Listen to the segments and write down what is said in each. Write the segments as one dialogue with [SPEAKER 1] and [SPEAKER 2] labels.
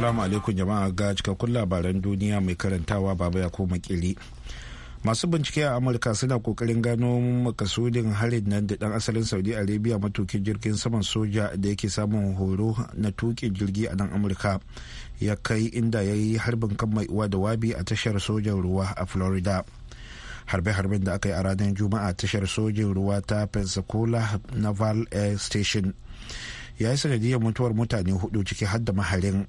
[SPEAKER 1] Assalamu alaikum jama'a ga cikakkun labaran duniya mai karantawa baba ya koma kiri. Masu bincike a Amurka suna kokarin gano makasudin harin nan da dan asalin Saudi Arabia matukin jirgin saman soja da yake samun horo na tukin jirgi a nan Amurka ya kai inda ya yi harbin kan mai uwa da wabi a tashar sojan ruwa a Florida. harbe-harben da aka yi a ranar juma'a tashar sojin ruwa ta pensacola naval air station ya yi sanadiyar mutuwar mutane hudu ciki har da maharin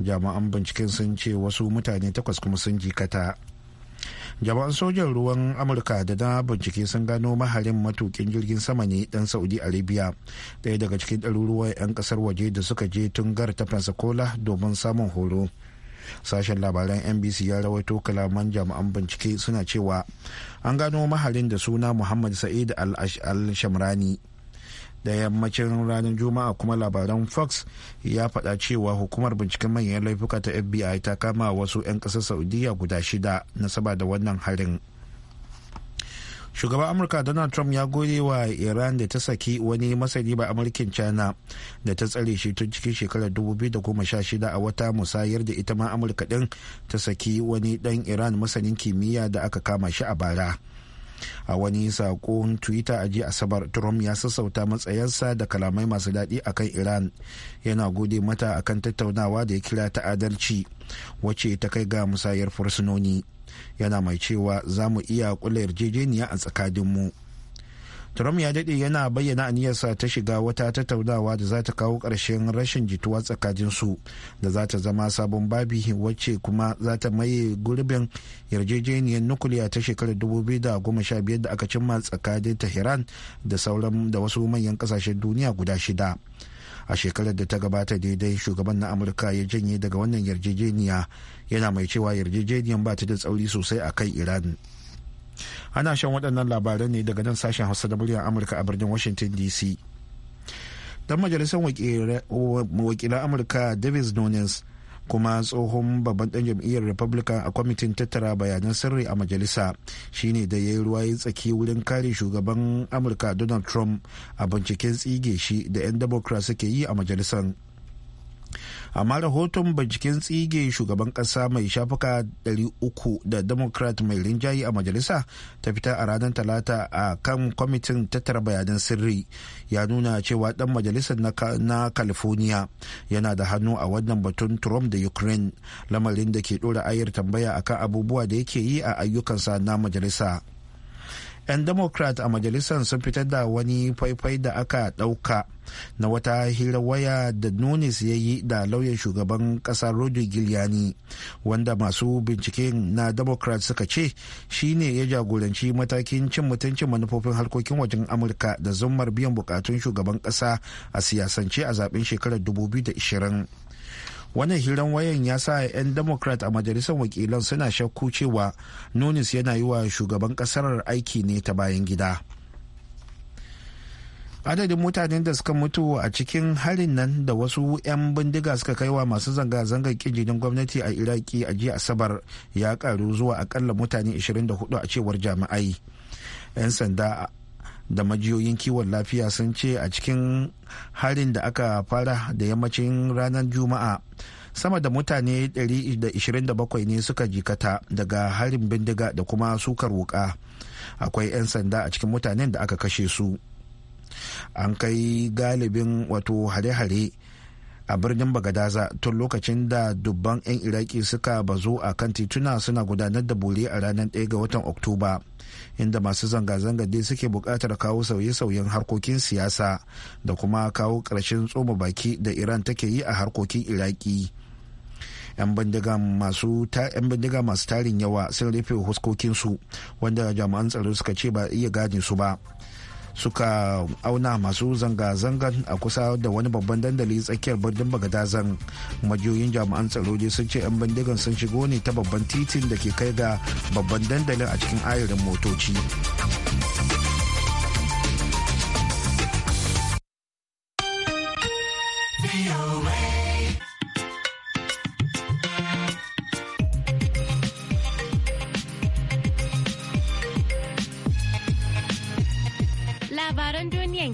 [SPEAKER 1] jami'an binciken sun ce wasu mutane takwas kuma sun jikata jama'an sojan ruwan amurka da na bincike sun gano maharin matukin jirgin sama ne dan saudi arabia daya daga cikin ɗaruruwan 'yan kasar waje da suka je tungar ta pensacola domin samun horo sashen labaran nbc ya rawaito kalaman jami'an bincike suna cewa an gano maharin da suna muhammad sa'id al-shamrani da yammacin ranar juma'a kuma labaran fox ya faɗa cewa hukumar binciken manyan laifuka ta fbi ta kama wasu 'yan ƙasar saudiya guda shida na saba da wannan harin shugaban amurka donald trump ya gode wa iran da ta saki wani masani ba amurkin china da ta tsare shi tun cikin shekarar 2016 a wata musayar da ita ma amurka din ta saki wani dan iran masanin kimiyya da aka kama shi a bara a wani sakon twitter a jiya asabar trump ya sassauta matsayarsa da kalamai masu daɗi akan iran yana gode mata akan tattaunawa da ya kira ta adalci wacce ta kai ga musayar fursunoni yana mai cewa za mu iya kula yarjejeniya a tsakaninmu Trump ya daɗe yana bayyana aniyarsa ta shiga wata tattaunawa da za ta kawo karshen rashin jituwa tsakaninsu da za ta zama sabon babi wacce kuma za ta maye gurbin yarjejeniyar nukuliya ta shekarar 2015 da aka cimma tsakanin Tehran da sauran da wasu manyan ƙasashen duniya guda shida. a shekarar da ta gabata daidai shugaban na amurka ya janye daga wannan yarjejeniya yana mai cewa yarjejeniyar ba ta da tsauri sosai a kan iran ana shan waɗannan labaran ne daga nan sashen hausa da muryar amurka a birnin washington dc dan majalisar wakilan amurka davis nunes kuma tsohon babban dan jam'iyyar republican a kwamitin tattara bayanan sirri a majalisa shine da ya yi ruwa ya tsaki wurin kare shugaban amurka donald trump a binciken tsige shi da 'yan democrat suke yi a majalisar amma rahoton binciken tsige shugaban kasa mai shafuka 300 da democrat mai rinjayi a majalisa ta fita a ranar talata a kan kwamitin tattara bayanan sirri ya nuna cewa dan majalisar na california yana da hannu a wannan batun trump da ukraine lamarin da ke dora ayar tambaya akan abubuwa da yake yi a ayyukansa na majalisa. 'yan democrat a majalisar sun fitar da wani faifai da aka ɗauka na wata hira waya da nunis ya yi da lauyan shugaban ƙasar rudy giuliani wanda masu binciken na democrat suka ce shine ya jagoranci matakin cin mutuncin manufofin harkokin wajen amurka da zummar biyan bukatun shugaban ƙasa a siyasance a zaben shekarar 2020 wannan hiran wayan ya sa 'yan democrat a majalisar wakilan suna shakku cewa nunis yana yi wa shugaban kasar aiki ne ta bayan gida adadin mutanen da suka mutu a cikin harin nan da wasu 'yan bindiga suka kai wa masu zanga-zangar kijinin gwamnati a iraki a jiya asabar ya karu zuwa akalla mutane 24 a cewar jami'ai 'yan sanda da majiyoyin kiwon lafiya sun ce a cikin harin da aka fara da yammacin ranar juma'a sama da mutane 127 ne suka jikata daga harin bindiga da kuma sukar wuka akwai 'yan sanda a cikin mutanen da aka kashe su an kai galibin wato hare-hare a birnin bagadaza tun lokacin da dubban 'yan iraki suka bazo a kan tituna suna gudanar da bore a ranar 1 ga watan oktoba inda masu zanga-zanga dai suke buƙatar kawo sauye-sauyen harkokin siyasa da kuma kawo ƙarshen tsoma baki da iran take yi a harkokin iraki 'yan bindiga masu tarin yawa sun rufe huskokinsu wanda jami'an tsaro suka ce ba iya gane su ba suka auna masu zanga-zangar a kusa da wani babban dandali tsakiyar birnin bagadazan majiyoyin jami'an tsaro sun ce 'yan bindigan sun shigo ne ta babban titin da ke kai ga babban dandalin a cikin ayarin motoci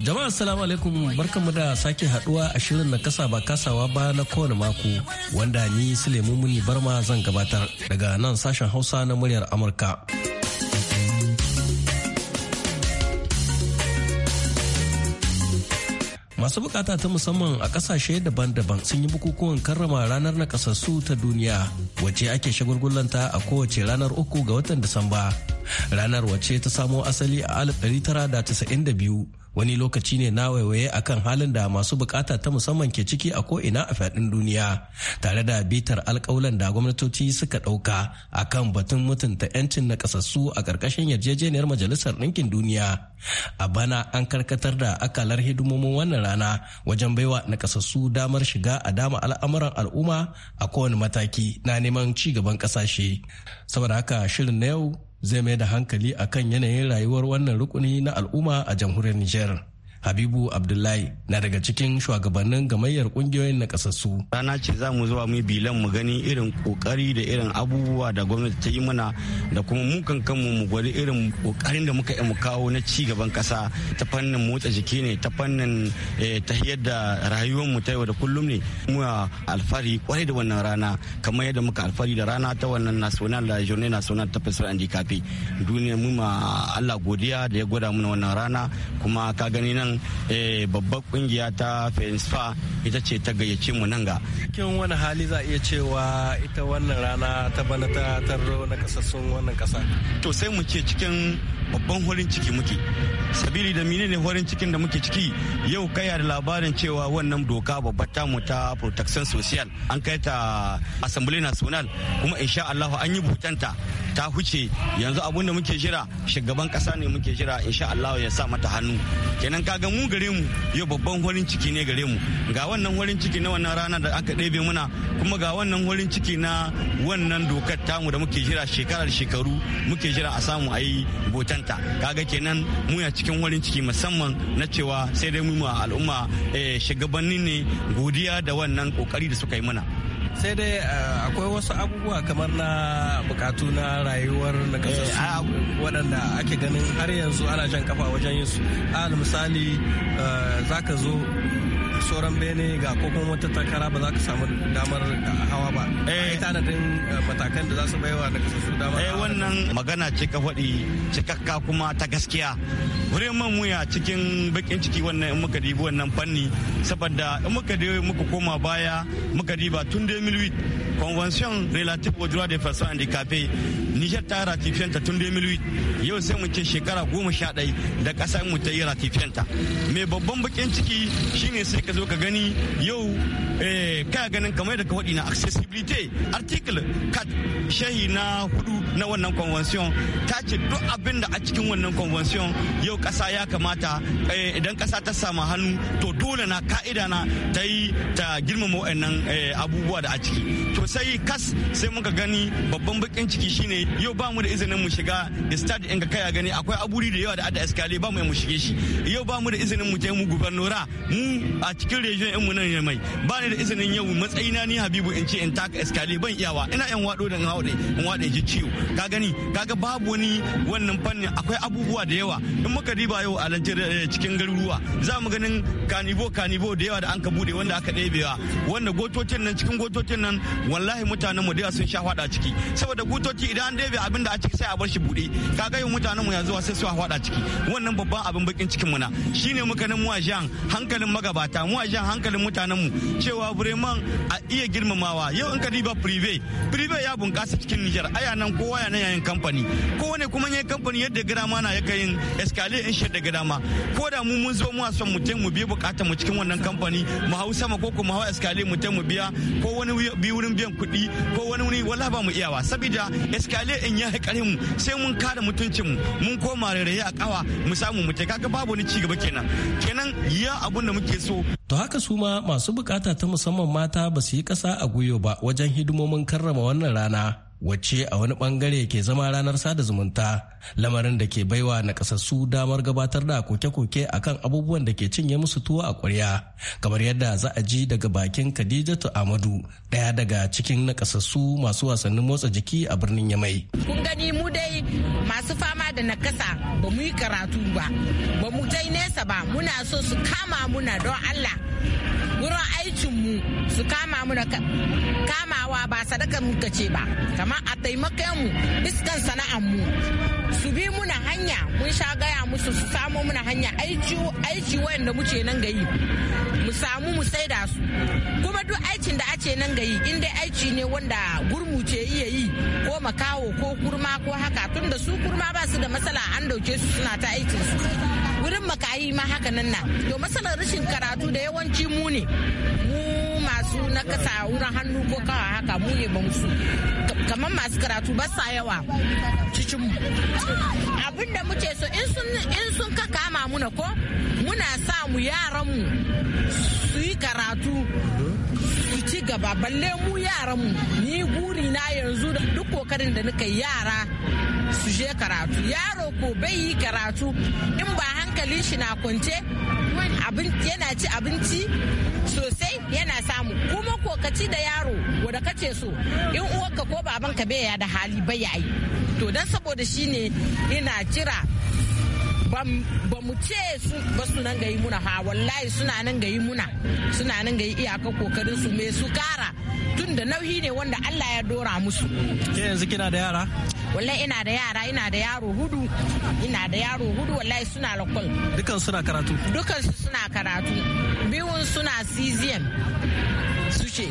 [SPEAKER 2] Jama'a assalamu alaikum barkanmu da sake haduwa a shirin na kasa ba kasawa ba na kowane mako wanda ni Suleiman Muni Barma zan gabatar daga nan sashen Hausa na muryar Amurka. Masu bukata ta musamman a kasashe daban-daban sun yi bukukuwan karrama ranar nakasassu ta duniya wacce ake shagulgulanta a kowace ranar uku ga watan Disamba. Ranar wacce ta samo asali a 1992 wani lokaci ne na waiwaye akan halin da masu bukata ta musamman ke ciki a ko'ina a fadin duniya tare da bitar alkawalan da gwamnatoci suka ɗauka akan batun mutunta 'yancin na kasassu a ƙarƙashin yarjejeniyar majalisar ɗinkin duniya a bana an karkatar da akalar hidimomin wannan rana wajen baiwa na kasassu damar shiga a dama al'amuran al'umma a kowane mataki na neman ci gaban ƙasashe saboda haka shirin na yau zai mai da hankali akan yanayin rayuwar wannan rukuni na al'umma a jamhuriyar Nijar. Habibu Abdullahi na daga cikin shugabannin gamayyar kungiyoyin na kasassu.
[SPEAKER 3] Rana ce za mu zuwa mai bilan mu gani irin kokari da irin abubuwa da gwamnati ta yi mana da kuma mu kankanmu mu gwada irin kokarin da muka mu kawo na ci gaban kasa ta fannin motsa jiki ne ta fannin eh, ta da rayuwar mu ta yau da kullum ne. Mu alfari kwarai da wannan rana kamar yadda muka alfari da rana ta wannan national da journée national ta fasar kafi. Duniya mu ma Allah godiya da ya gwada mana wannan rana kuma ka gani nan Eh, babbar kungiya ta fensfa ita ce ta gayyace mu nan ga
[SPEAKER 2] cikin wani hali za iya cewa ita wannan rana ta bana ta taro na kasassun
[SPEAKER 3] wannan kasa to sai mu ce cikin babban horin ciki muke sabili da menene horin cikin da muke ciki yau kaya da labarin cewa wannan doka babbar mu ta protection social an kai ta assembly national kuma insha Allah an yi butanta ta huce yanzu abun da muke jira shugaban kasa ne muke jira insha Allah ya sa mata hannu kenan kaga mu gare mu yau babban horin ciki ne gare mu ga wannan horin ciki na wannan rana da aka ɗebe muna kuma ga wannan horin ciki na wannan dokar tamu da muke jira shekarar shekaru muke jira a samu a yi botanta kaga kenan mu ya cikin horin ciki musamman na cewa sai dai mu al'umma eh, shugabanni ne godiya da wannan kokari da suka yi mana
[SPEAKER 2] sai dai eh, akwai wasu abubuwa kamar na bukatu na rayuwar na eh, waɗanda ake ganin har yanzu ana jan kafa wajen yin su al misali eh, za ka zo sauran bene ga ko kuma wata takara ba za ka samu
[SPEAKER 3] damar hawa ba yi tanadin matakan da za su baiwa na damar wannan magana ce ka faɗi cikakka kuma ta gaskiya wurin man wuya cikin bakin ciki wannan in muka dibi wannan fanni saboda in muka dibi muka koma baya muka diba tun 2008 convention relative au droit des personnes handicapées Niger ta ratifiyanta tun 2008 yau sai mu ce shekara goma sha ɗai da ƙasar mu ta yi ratifiyanta mai babban bakin ciki shine sai ka zo ka gani yau Eh, kaya ganin kamar da ka waɗi na accessibility article kat shahi na hudu na wannan convention ta ce duk abin da a cikin wannan convention yau ƙasa ya kamata eh, idan ƙasa ta samu hannu to dole na ka'ida na ta yi ta girmama wa'annan eh, abubuwa da a ciki to sai kas sai muka gani babban bakin ciki shine yau ba mu da izinin mu shiga stade in ka kaya gani akwai aburi da yawa da ada escale ba mu mu shige shi yau ba mu da izinin mu je mu gubernora mu a cikin region mu nan mai ba da izinin yau matsayina ni Habibu in ce in taka eskale ban iyawa ina yan wado da in in waɗe ji ciwo ka gani kaga babu wani wannan fannin akwai abubuwa da yawa in muka riba yau a eh, cikin garuruwa za mu ganin kanibo kanibo da yawa da an ka bude wanda aka ɗebewa wanda gotocin nan cikin gotocin nan wallahi mutanen mu da yawa sun sha fada ciki saboda gutoci idan an ɗebe abin da a ciki sai a bar shi bude kaga yau mutanen mu yanzu sai su fada ciki wannan babban abin bakin cikin muna shine muka nan mu hankalin magabata mu hankalin mutanen mu cewa cewa vraiment a iya girmamawa yau in ka diba prive prive ya bunkasa cikin nijar aya nan kowa ya nan yayin kamfani kowane kuma yayin kamfani yadda gida ma na yaka yin escalier in shirya gida ma ko da mu mun zo mu son mu mu biya bukatar mu cikin wannan kamfani mu hau sama ko kuma hau escalier mu mu biya ko wani bi wurin biyan kuɗi ko wani wani wala ba mu iyawa saboda escalier in ya haƙarin mu sai mun kada mutuncin mu mun koma rairaye a kawa mu samu mu kaga babu ni ci gaba kenan kenan ya abun da
[SPEAKER 2] muke so to haka su ma masu bukata ta musamman mata ba su yi ƙasa a gwiwa ba wajen hidimomin karrama wannan rana wacce a wani bangare ke zama ranar sada zumunta lamarin da ke baiwa nakasassu damar gabatar da koke-koke akan abubuwan da ke cinye musu tuwo a ƙwarya kamar yadda za a ji daga bakin khadijatu amadu ɗaya daga cikin nakasassu masu wasannin motsa jiki a birnin yamai
[SPEAKER 4] kun gani mu dai masu fama da nakasa ba mu yi karatu ba ba mu dai nesa ba muna so su kama muna don allah wurin aikinmu su kama muna kamawa ba sadaka muka ce ba amma a taimakon mu iskan sana'an mu su bi muna hanya mun sha gaya musu su samo muna hanya aiki wayanda muke nan gayi mu samu mu saida su kuma duk aikin da ake nan gayi in dai aiki ne wanda gurmu ce iya yi ko makawo ko kurma ko haka tunda su kurma ba su da matsala an dauke su suna ta aikin su wurin makayi ma haka nan na to matsalar rashin karatu da yawanci mu ne mu masu na kasa wurin hannu ko kawa haka mu ne ba musu kamar masu karatu ba sa yawa cikin mu abin da muke so in sun in sun ka kama muna ko muna sa mu yaran mu su yi karatu su ci gaba balle mu yaran mu ni guri na yanzu da duk kokarin da nika yara su je karatu yaro ko bai yi karatu in ba hankalin shi na kwance yana ci abinci sosai yana samu kuma kokaci da yaro wadda kace so in uwarka ko babanka bai ya da hali bai ya yi to don saboda shi ne ina jira ba mu ce su ba su nan gayi muna ha wallahi suna nan gayi muna suna nan gayi iyakar kokarin su me su kara tun da nauyi ne wanda Allah ya dora musu ke yanzu kina da yara wallahi ina da yara ina da yaro hudu ina da yaro hudu wallahi suna lakol
[SPEAKER 2] dukan suna karatu
[SPEAKER 4] dukan su suna karatu biyun suna CZM. su ce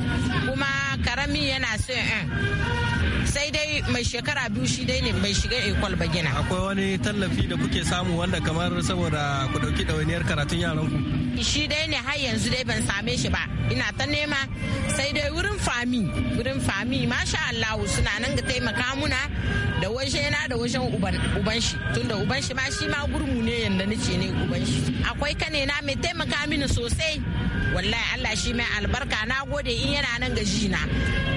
[SPEAKER 4] kuma karami yana son sai dai mai shekara biyu shi dai ne bai shiga ekol
[SPEAKER 2] ba gina akwai wani tallafi da kuke samu wanda kamar saboda ku dauki dawainiyar karatun yaran
[SPEAKER 4] ku shi dai ne har yanzu dai ban same shi ba ina ta nema sai dai wurin fami wurin fami masha Allah suna nan ga taimaka muna da wajen yana da wajen uban shi tunda uban shi ma shi ma gurmu ne yanda nace ne uban shi akwai kane na mai taimaka mini sosai wallahi Allah shi mai albarka na gode in yana nan ga jina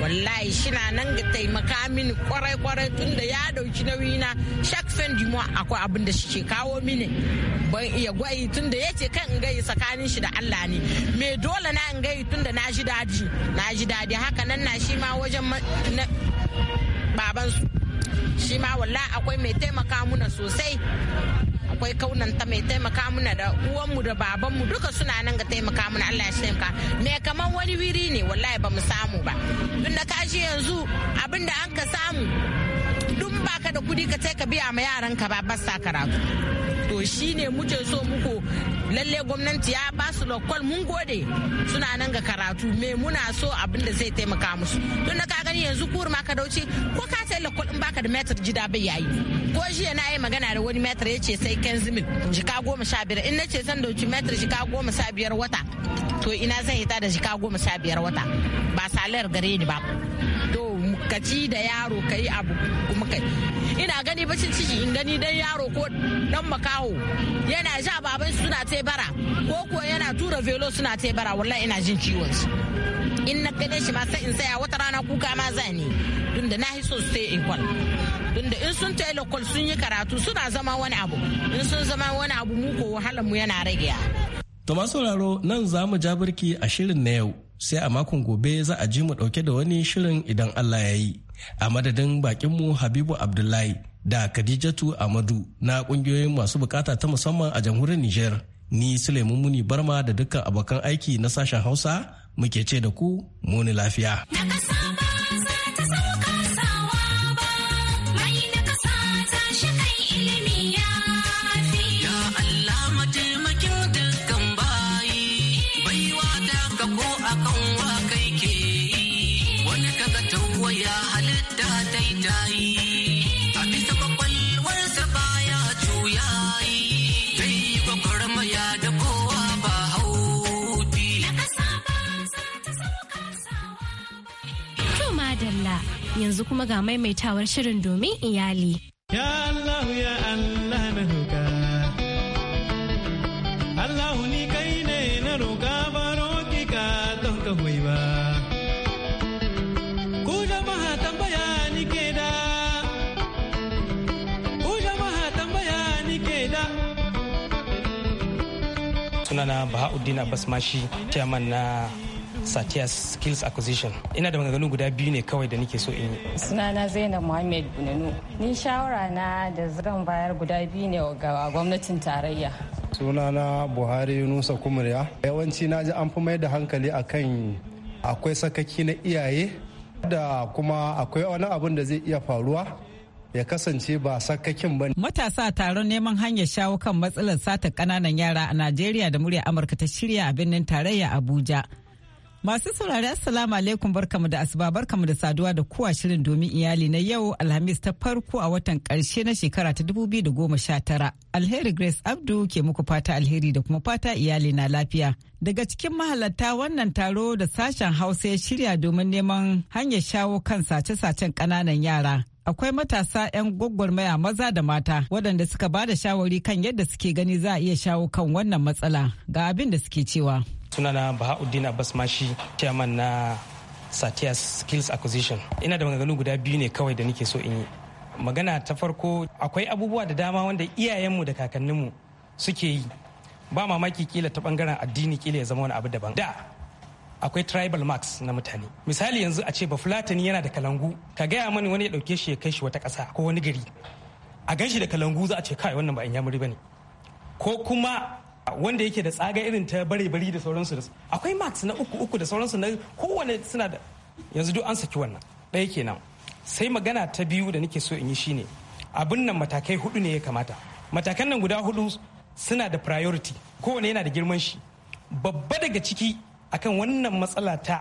[SPEAKER 4] wallahi shi na nan ga taimaka taimaka mini kwarai kwarai da ya dauki nauyi na shak fen dimo akwai abin da shi kawo mini ban iya gwai da yace kan in gai tsakanin shi da Allah ne me dole na in gai da na ji daji na ji dadi haka nan na shi ma wajen baban su shi ma wallahi akwai mai taimaka muna sosai akwai kaunan ta mai taimaka muna da uwanmu da babanmu duka suna nan ga taimaka muna Allah ya taimaka me kaman wani wiri ne wallahi ba mu samu ba tun da kashi yanzu abinda an ka samu dun baka da kudi ka ce ka biya ma yaranka ba ba basa karatu shi ne muke so muku lalle gwamnati ya ba su lokal mun gode suna nan ga karatu me muna so abin da zai taimaka musu don na ka gani yanzu kur ma ka dauce ko ka sai lokal in baka da metar jida bai yayi ko shi na yi magana da wani metar ya ce sai kenzimil jika goma sha biyar in na ce san dauki metar jika goma sha biyar wata to ina zan hita da jika goma sha biyar wata ba salar gare ni ba to ka ci da yaro ka yi abu kuma kai ina gani bacin ciki in gani dan yaro ko dan makaho yana ja baban suna te bara ko kuwa yana tura velo suna te bara wallahi ina jin ciwon shi in na gane shi ma sai in saya wata rana kuka ma zani tun da na yi so stay in kwal tun da in sun ta lokal sun yi karatu suna zama wani abu in sun zama wani abu mu ko wahalar mu yana rage ya.
[SPEAKER 2] to masu sauraro nan za mu ja birki a shirin na yau sai a makon gobe za a ji mu dauke da wani shirin idan Allah ya yi. A madadin bakinmu Habibu Abdullahi da Khadijatu Amadu na kungiyoyin masu bukata ta musamman a jamhuriyar Nijar. Ni Suleiman Muni Barma da dukkan abokan aiki na sashen Hausa muke ce da ku muni lafiya.
[SPEAKER 5] tawaya halitta daidai a bisa kwakwalwarsa baya juyayi zai yi gwagwarmaya da kowa ba hauti
[SPEAKER 6] to madalla yanzu kuma ga maimaitawar shirin domin iyali
[SPEAKER 7] sunana bahauddin abbas mashi chairman na Satya Skills Acquisition. Ina da maganganu guda biyu ne kawai da nake so in yi.
[SPEAKER 8] Sunana Zainab Mohammed Bunanu. Ni shawara na da zan bayar guda biyu ne ga gwamnatin tarayya.
[SPEAKER 9] Sunana Buhari Yunusa Kumriya. Yawanci na ji an fi mai da hankali akan akwai sakaki na iyaye da kuma akwai wani abin da zai iya faruwa ya kasance ba sakakin ba
[SPEAKER 10] matasa taron neman hanyar shawo kan matsalar sata kananan yara a najeriya da murya amurka ta shirya a birnin tarayya abuja Masu saurari Assalamu alaikum barkamu da asuba barkamu da saduwa da kuwa shirin domin iyali na yau Alhamis ta farko a watan karshe na shekara ta 2019. Alheri Grace Abdu ke muku fata alheri da kuma fata iyali na lafiya. Daga cikin mahalarta wannan taro da sashen Hausa ya shirya domin neman hanyar shawo kan sace-sacen ƙananan yara. akwai matasa 'yan gwagwarmaya maza da mata waɗanda suka ba da shawari kan yadda suke gani za a iya shawo kan wannan matsala ga abin da suke cewa.
[SPEAKER 7] sunana bahauddin abbas mashi chairman na satya skills acquisition ina da maganganu guda biyu ne kawai da nake so in yi magana ta farko akwai abubuwa da dama wanda iyayenmu da kakanninmu suke yi ba mamaki kila ta bangaren addini kila ya zama wani abu daban da akwai tribal marks na mutane misali yanzu a ce bafulatani yana da kalangu ka gaya mani wani ya dauke shi ya kai shi wata ƙasa ko wani gari a ganshi da kalangu za a ce kai wannan ba in yamuri ne. ko kuma wanda yake da tsaga irin ta bare bari da sauransu da akwai max na uku uku da sauransu na kowane suna da yanzu duk an saki wannan ɗaya kenan sai magana ta biyu da nake so in yi shine abin nan matakai hudu ne ya kamata matakan nan guda hudu suna da priority kowane yana da girman shi babba daga ciki akan wannan matsala ta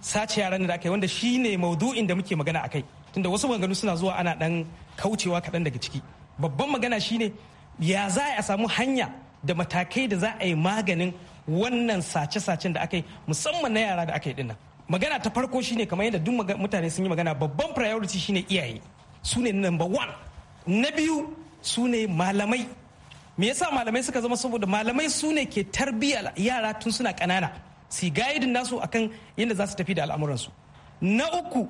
[SPEAKER 7] sace yaran da aka yi wanda shine maudu'in da muke magana akai tunda wasu maganganu suna zuwa ana dan kaucewa kaɗan daga ciki babban magana shine ya za a samu hanya da matakai da za a yi maganin wannan sace-sacen da aka yi musamman na yara da aka yi dinnan magana ta farko shine kamar yadda duk mutane sun yi magana babban priority shine iyaye su ne number one na biyu su ne malamai me yasa malamai suka zama saboda malamai su ne ke tarbiyya yara tun suna kanana su gaidin nasu akan yadda za su tafi da al'amuransu na uku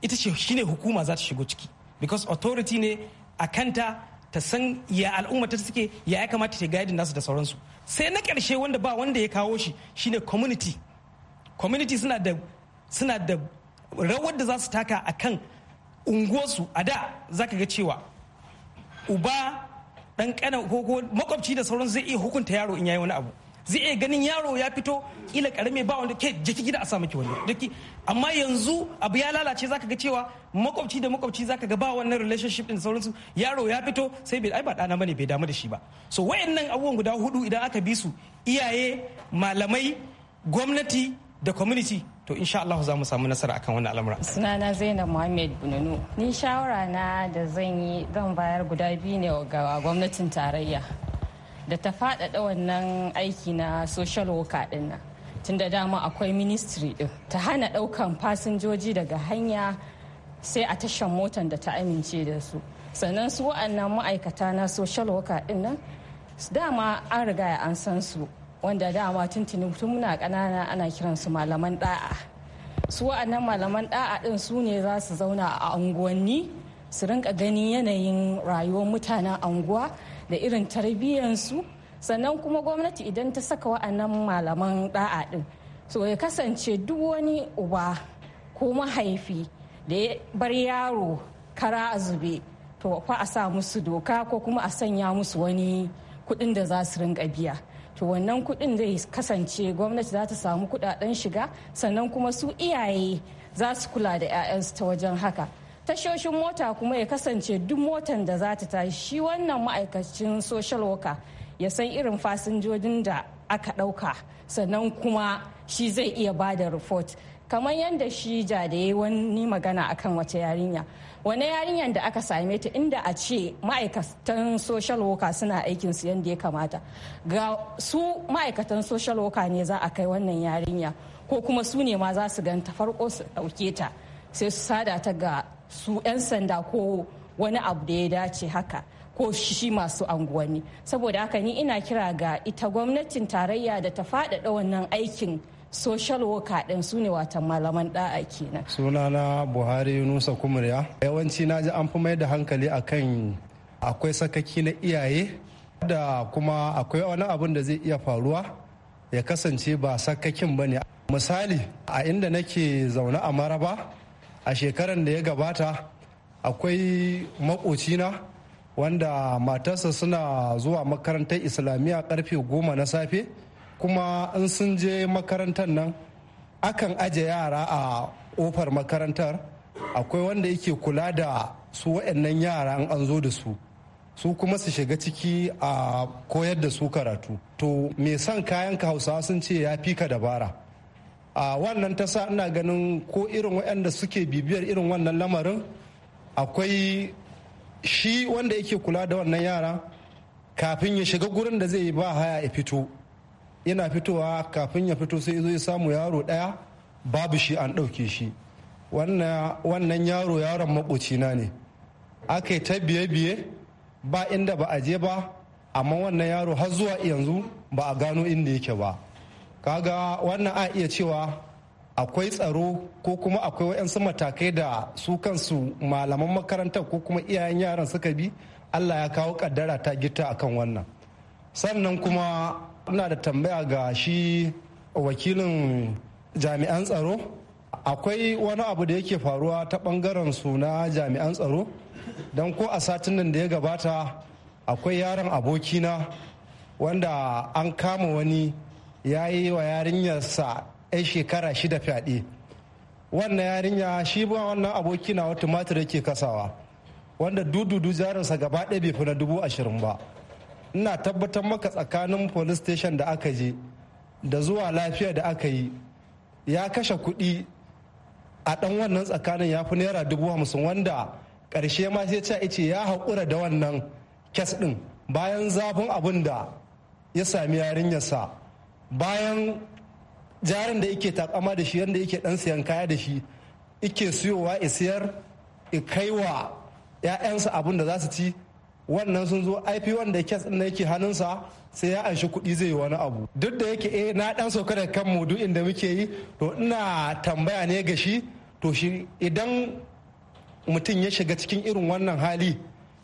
[SPEAKER 7] ita ce shine hukuma za ta shigo ciki because authority ne a kanta ta san ya al'umma ta suke ya ya kamata ta gaidin nasu da sauransu sai na karshe wanda ba wanda ya kawo shi shine community community suna da suna da rawar da za su taka a kan unguwarsu a da za ka ga cewa uba ɗan ƙana ko makwabci da sauransu zai iya hukunta yaro in yayi wani abu zai iya ganin yaro ya fito ila karame ba wanda ke jiki gida a samu ki wani jiki amma yanzu abu ya lalace zaka ga cewa makwabci da makwabci zaka ga ba wannan relationship din sauransu yaro ya fito sai bai ai ba dana bane bai damu da shi ba so wayannan abubuwan guda hudu idan aka bi su iyaye malamai gwamnati da community to insha Allah za mu samu nasara akan wannan al'amura.
[SPEAKER 8] Sunana Zainab Muhammad Bununu. Ni shawara na da zan yi zan bayar guda biyu ne ga gwamnatin tarayya. da ta faɗaɗa wannan aiki na social worker ɗin nan tun da dama akwai ministry ɗin ta hana ɗaukan fasinjoji daga hanya sai a tashan motan da ta amince da su sannan su wa'annan ma'aikata na social worker ɗin nan dama an riga an san su wanda dama tuntuni tun muna ƙanana ana kiransu malaman ɗa'a su wa'annan malaman ɗa'a ɗin su ne za su zauna a unguwanni su rinka ganin yanayin rayuwar mutanen anguwa da irin tarbiyyansu sannan kuma gwamnati idan ta saka wa'annan malaman da'a din so ya kasance duk wani uba ko mahaifi da ya bar yaro kara a zube to fa a sa musu doka ko kuma a sanya musu wani kuɗin da za su rinka biya to wannan kuɗin zai kasance gwamnati za ta samu kuɗaɗen shiga sannan kuma su iyaye za su kula da 'ya'yansu ta wajen haka tashoshin mota kuma ya kasance duk motan da za ta tashi shi wannan ma'aikacin social worker ya san irin fasinjojin da aka ɗauka sannan kuma shi zai iya ba da report kamar yadda shi ja da ya wani magana akan wace yarinya wani yarinyar da aka same ta inda a ce ma'aikatan social worker suna aikin su yadda ya kamata ga su ma'aikatan social worker ne za a kai wannan yarinya ko kuma su ne ma za su ganta farko su ɗauke ta sai su sada ta ga su 'yan sanda ko wani abu da ya dace haka ko shi masu anguwanni saboda haka ni ina kira ga ita gwamnatin tarayya da ta faɗaɗa wannan aikin social worker ɗin su ne watan malaman ɗa'a kenan.
[SPEAKER 9] sunana buhari yunusa kumriya yawanci na ji an fi mai da hankali akan akwai sakaki na iyaye da kuma akwai wani abin da zai iya faruwa ya kasance ba sakakin ba ne misali a inda nake zaune a maraba a shekaran da ya gabata akwai makocina wanda matarsa suna zuwa makarantar islamiyya karfe goma na safe kuma in sun je makarantar nan akan aje yara a kofar makarantar akwai wanda yake kula da su waɗannan yara in an zo da su su kuma su shiga ciki a koyar da su karatu to me son kayan ka hausawa sun ce ya fi ka dabara a wannan tasa ina ganin ko irin waɗanda suke bibiyar irin wannan lamarin akwai shi wanda yake kula da wannan yara kafin ya shiga gurin da zai ba haya ya fito yana fitowa kafin ya fito sai zo ya samu yaro ɗaya babu shi an ɗauke shi wannan yaro yaron maƙocina ne aka yi ta biye-biye ba inda ba a je ba amma wannan yaro har zuwa yanzu ba a gano inda yake ba kaga wannan a iya cewa akwai tsaro ko kuma akwai waɗansu matakai da su kansu malaman makarantar ko kuma iyayen yaran suka bi allah ya kawo kaddara ta gita akan wannan sannan kuma ina da tambaya ga shi wakilin jami'an tsaro akwai wani abu da yake faruwa ta bangaren su na jami'an tsaro don ko a satin nan da ya gabata akwai yaron abokina wanda an kama wani ya yi wa yarinyarsa 'yan shekara shida fyaɗe wannan yarinya shi ba wannan aboki na tumatir yake kasawa wanda dududu jarinsa gaba ɗaya bai fi na dubu ashirin ba ina tabbatar maka tsakanin police station da aka je da zuwa lafiya da aka yi ya kashe kuɗi a ɗan wannan tsakanin ya fi naira dubu hamsin wanda ƙarshe ma sai ce ice ya haƙura da wannan kes ɗin bayan zafin abin da ya sami yarinyarsa bayan jarin da yake takama da shi yadda yake dan siyan kaya da shi yake siyowa ya siyar ya kai wa 'ya'yansa abin da za su ci wannan sun zo ip wanda kes din yake hannunsa sai ya anshi kuɗi zai yi wani abu duk da yake eh na dan sauka da kan mudu inda muke yi to ina tambaya ne ga shi to shi idan mutum ya shiga cikin irin wannan hali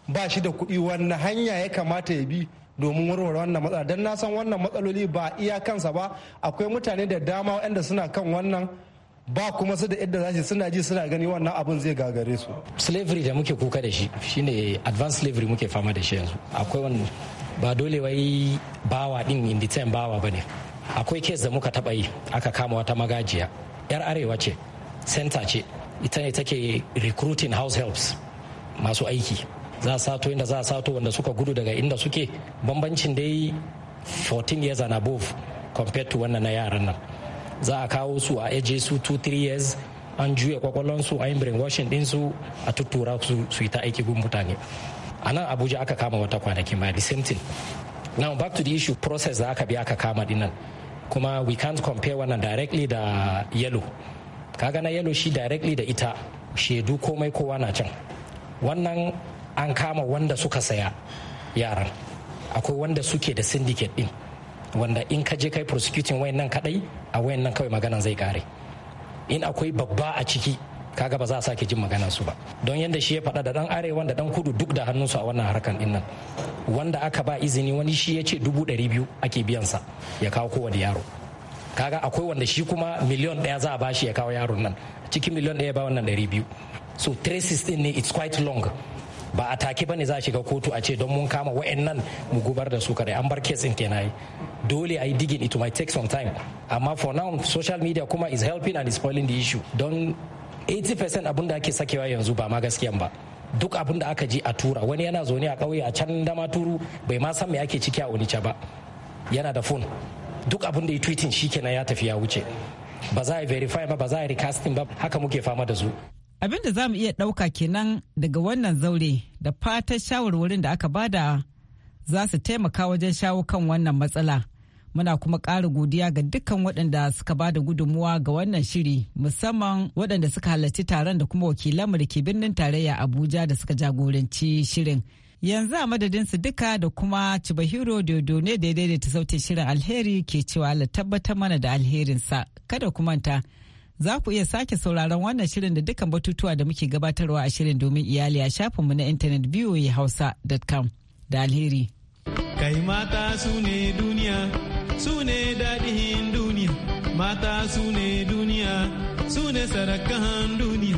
[SPEAKER 9] ba shi da kuɗi wannan hanya ya kamata ya bi domin warware wannan matsala don na san wannan matsaloli ba iya kansa ba akwai mutane da dama waɗanda suna kan wannan ba kuma su da yadda za su suna ji suna gani wannan abin zai gagare su
[SPEAKER 11] slavery da muke kuka da shi shine advanced slavery muke fama da shi yanzu akwai wani ba dole wai bawa din in the time bawa bane akwai kes da muka taba yi aka kama wata magajiya yar arewa ce center ce ita ne take recruiting house helps masu aiki za a sato inda za a sato wanda suka gudu daga inda suke bambancin dai 14 years and above compared to wannan na yaran nan za a kawo su a aje su 2-3 years an juya su a yin brainwashing ɗinsu a tuttura su su yi ta aiki gun mutane a nan abuja aka kama wata kwanaki ma the same thing now back to the issue process da aka bi aka kama dinan kuma we can't compare wannan directly da yellow kaga na yellow shi directly da ita shaidu komai kowa na can wannan an kama wanda suka saya yaran akwai wanda suke da syndicate din wanda in ka je kai prosecuting wayan nan kadai a wayan nan kawai maganan zai kare in akwai babba a ciki kaga ba za a sake jin maganan su ba don yadda shi ya faɗa da dan arewa da dan kudu duk da hannunsu a wannan harkan din wanda aka ba izini wani shi ya ce dubu ɗari biyu ake biyansa ya kawo kowane yaro kaga akwai wanda shi kuma miliyon ɗaya za a shi ya kawo yaron nan cikin miliyon ɗaya ba wannan ɗari biyu so traces din ne it's quite long ba a take bane za a shiga kotu a ce don mun kama wa'annan mu gubar da su kadai an bar kesin kenan dole a yi digging it might take some time amma for now social media kuma is helping and is spoiling the issue don 80% abin da ake sakewa yanzu ba ma gaskiyan ba duk abin da aka ji a tura wani yana zaune a ƙauye a can dama turu bai ma san me ake ciki a onitsha ba yana da phone duk abin da ya tweeting shikenan ya tafi ya wuce ba za a verify ba ba za a recasting ba haka muke fama da su
[SPEAKER 10] abin da za mu iya ɗauka kenan daga wannan zaure da fatan shawarwarin da aka bada za su taimaka wajen shawo kan wannan matsala muna kuma ƙara godiya ga dukkan waɗanda suka ba da gudunmuwa ga wannan shiri musamman waɗanda suka halarci taron da kuma wakilanmu da ke birnin tarayya abuja da suka jagoranci shirin yanzu a madadin su duka da kuma cibahiro dodo ne da ya daidaita sautin shirin alheri ke cewa allah tabbatar mana da alherinsa kada ku manta Za ku iya sake sauraron wannan shirin da dukkan batutuwa da muke gabatarwa a shirin domin iyali a shafinmu na intanet voahausa.com da alheri.
[SPEAKER 7] Kai mata su ne duniya, su ne daɗin duniya, mata su ne duniya, su ne sarakan duniya,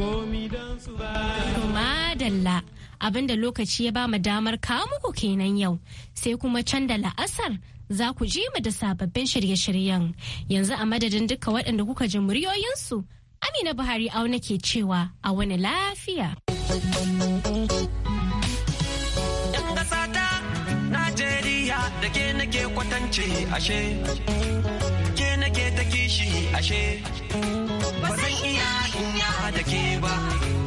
[SPEAKER 7] komi don su
[SPEAKER 6] ba. abinda lokaci ya ba mu damar kawo muku kenan yau sai kuma can da la'asar za ku ji mu da sababbin shirye-shiryen yanzu a madadin duka waɗanda kuka ji muryoyinsu amina buhari au nake cewa a wani lafiya
[SPEAKER 5] da ke ta kishi ashe, ba zan iya inya da ke ba.